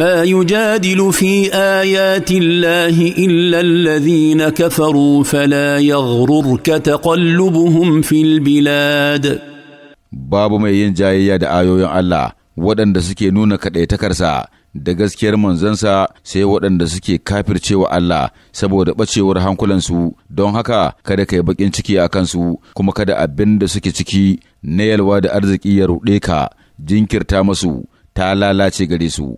ما يجادل في ايات الله الا الذين كفروا فلا يغررك تقلبهم في البلاد babu mai yin jayayya da ayoyin Allah waɗanda suke nuna kaɗaitakarsa da gaskiyar manzansa sai waɗanda suke kafircewa Allah saboda ɓacewar hankulansu don haka kada ka yi baƙin ciki a kansu kuma kada abin da suke ciki na yalwa da arziki ya ruɗe ka jinkirta masu ta lalace gare su.